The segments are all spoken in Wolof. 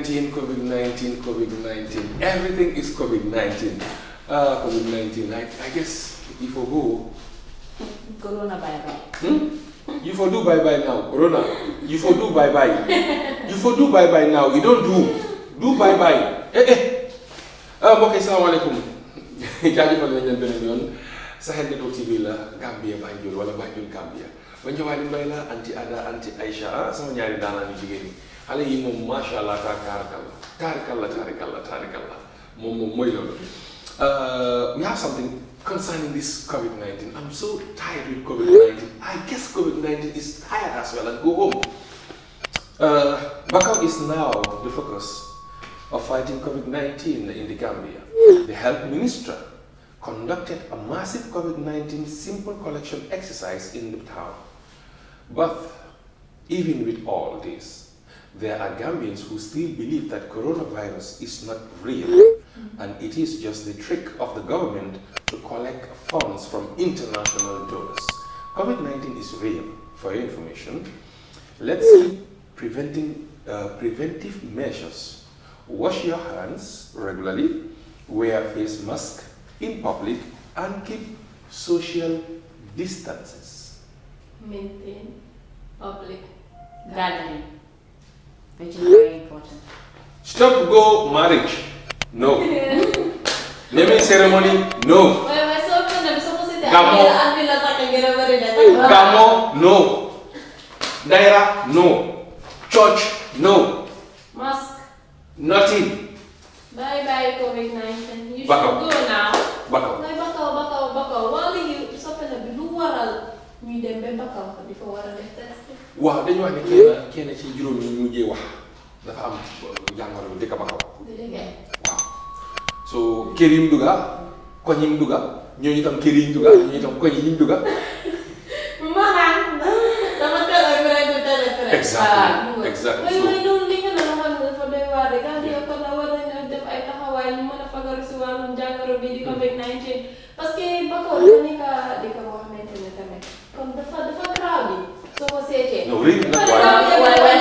19, COVID 19, COVID 19. Everything is COVID 19. Uh, ah, COVID 19. I, I guess if for who? Corona bye bye. Hmm? You for do bye bye now, Corona. You for do bye bye. you for do bye bye now. You don't do. Do bye bye. Eh eh. Um, ah, okay, salam alaikum. Jadi pada yang beneen yoon. Sahel Network TV lah, Gambia Banjul wala Banjul Gambia. Banjul Wali Mbay anti Ada anti Aisyah, sama nyari daanaa di sini. xale yi moom macha allah taarikalla taarikalla taarikalla taarikalla moom moom mooy loolu. Uh, we have something concerning this COVID 19. I'm so tired with COVID 19. I guess COVID 19 is tired as well and go home. Uh, Bakau is now the focus of fighting COVID 19 in the Gambia. The health minister conducted a massive COVID 19 simple collection exercise in the town. But even with all this, there are Gambians who still believe that coronavirus is not real mm-hmm. and it is just the trick of the government to collect funds from international donors. COVID-19 is real, for your information. Let's see preventing, uh, preventive measures. Wash your hands regularly, wear face mask in public, and keep social distances. Maintain public gathering. Which is very important. Stop go marriage. No. Naming ceremony. No. Gamo. No. Daira. No. Church. No. Mask, Nothing. Bye bye COVID 19. You should go now. Bye Bakau. Bakau, bakau, bakau. Wali, you stop in the blue world ñuy dem ba Mbakka di fa war def test. waaw dañu wax ne kenn kenn ci juróom wax dafa am bu dëkk so kër yi mu dugg koñ yi mu dugg ñooñu itam kër yi ñu dugg ñooñu itam koñ dama teel a mën a ñu teel a fere. exactement so mooy mooy li nga la dafa doy def ay ñu fagaru bi di hmm. COVID-19 parce que Mbakka dafa nekk dëkk de fapt, de fapt rabit. Să o seje. Nu, rid na koja.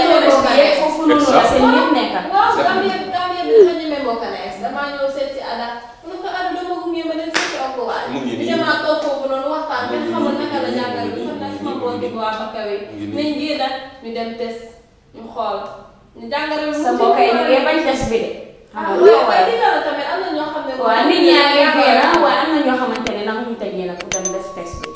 Je ufunulo se nije neka. Wow, tam je tam je bilo njime mokana jest. Ma njo se ti ada. Nu ka ada do mogu mi mene se oko wa. Nije ma to ko buno no wa pan ben xamul naka la jagal. Ko tax ma bo di wa ba kawe. Ne ngira mi dem tes ñu xol. Ni jangal mu sa bokay ni ngay bañ tes bi de. Ah, waaw, waaye dina la tamit am na ñoo xam ne. Waaw, nit ñaa ngi gën waaye am na ñoo xamante ne nangu ñu tëjee nag tamit. def test bi.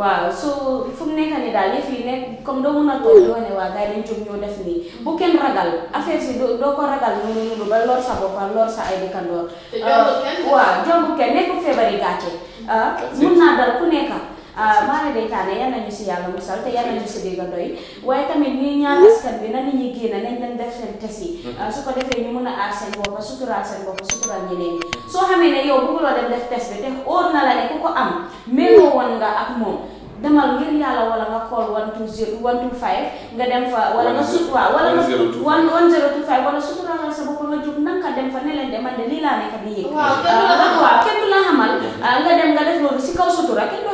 waaw soo fu mu nekk nii daal yëf yi nekk comme doo mën a toog doo ne waa gars yi ñoo def nii bu kenn ragal affaire si doo ko ragal noonu noonu ba lor sa boppam lor sa ay dëkkandoor. te jombu euh, waaw jombu kenn nekkul feebari gàcce. Mm. Euh, mun naa dal ku nekk. Mana day taane yal nañu si yàlla musal te yal nañu si déggandoo yi waaye tamit ñuy ñaan askan bi na nit ñi génn nañ dem def seen test yi su ko defee ñu mun a aar seen bopp suturaal seen bopp suturaal ñeneen dem def test bi te óor na la ku ko am méngoo woon nga ak moom demal ngir yàlla wala nga call one two zero one two five nga dem fa wala nga sut waaw wala nga one one zero two five sa bopp nga jóg naka dem fa ne leen demal de lii laa nekk di yëg waaw kenn du la xamal nga dem nga def kaw sutura kenn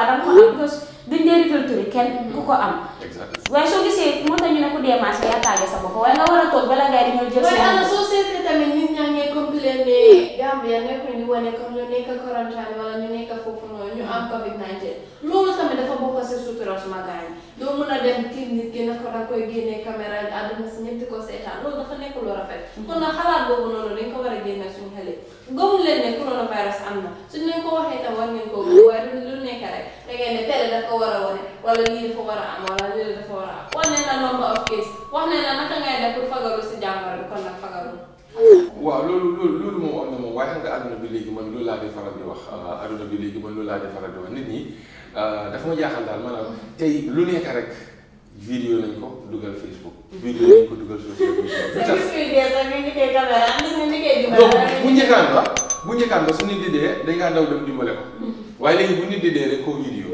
fois da nga ko am parce que duñ dee récolter kenn ku ko am. waaye soo gisee moo tax ñu ne ku dee yaa tàgge sa bopp waaye nga war a toog bala ngay di ñëw jël. soo a dem kii nit ki ko seetaan loolu dafa nekk lu rafet. kon nag xalaat boobu noonu dañ war a génne suñu xale gëmul leen ne coronavirus am na suñ leen ko waxee tam war ngeen ko waaye lu nekk rek. dangeen tele daf ko war a wane wala lii dafa war a am wala lii dafa war a am wax nañ la number of case wax nañ la naka ngay def pour fagaru si jàngoro bi kon nag fagaru waaw loolu loolu loolu moom am na moom waaye xam nga aduna bi léegi man loolu laa di faral di wax aduna ah, bi léegi man loolu laa di faral di wax nit ñi ah, dafa ma jaaxal daal maanaam tey lu nekk rek vidéo nañ ko dugal Facebook. vidéo nañ ko dugal social media. te bis bu ñu dee sax ñu ngi koy caméra am na ñu ngi koy jubal. donc bu bu njëkkaan ba su nit di dee dañ ngaa daw dem dimbale ko mm-hmm. waaye léegi bu nit di dee rek koo vidéo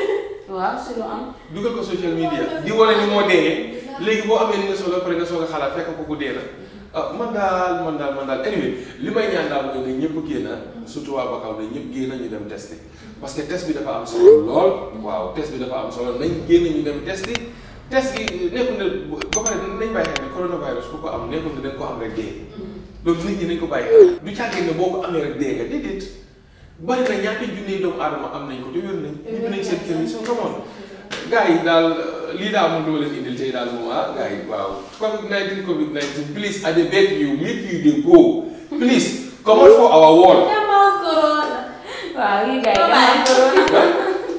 waaw si lu am dugal ko social media di wane ni moo dee léegi boo amee ni nga solo pare nga soog a xalaat fekk ko ku dee la mm-hmm. ah man daal man daal man daal anyway li may ñaan daal mooy ne ñëpp génn surtout waa Bakau ne ñëpp génn ñu dem testi mm-hmm. parce que test bi dafa am solo lool waaw test bi dafa am solo nañ génn ñu dem testi test gi nekkul ne ba pare nañ bàyyi xel ne coronavirus ko am nekkul dee mm-hmm. loolu nit ñi nañ ko du càggee boo ko amee rek dee nga déedéet bari na ñaata junne doomu aadama am nañ ko te wér nañ ñibbi nañ seen kër yi soo xamoon gars yi daal euh, lii daa moom dama leen indil tey daal moom ah gars yi waaw covid 19 covid 19 please I beg you make you dey go please come for our wall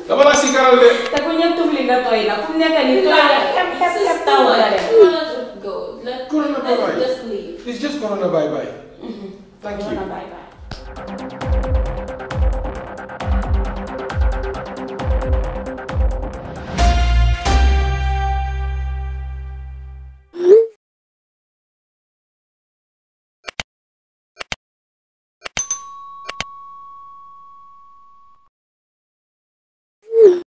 dama la sikaral de. te ku ñëw tufli nga tooy na fu mu nekk nii tooy na xep xep xep taw la de. corona bye bye. it's just corona bye mm-hmm. bye.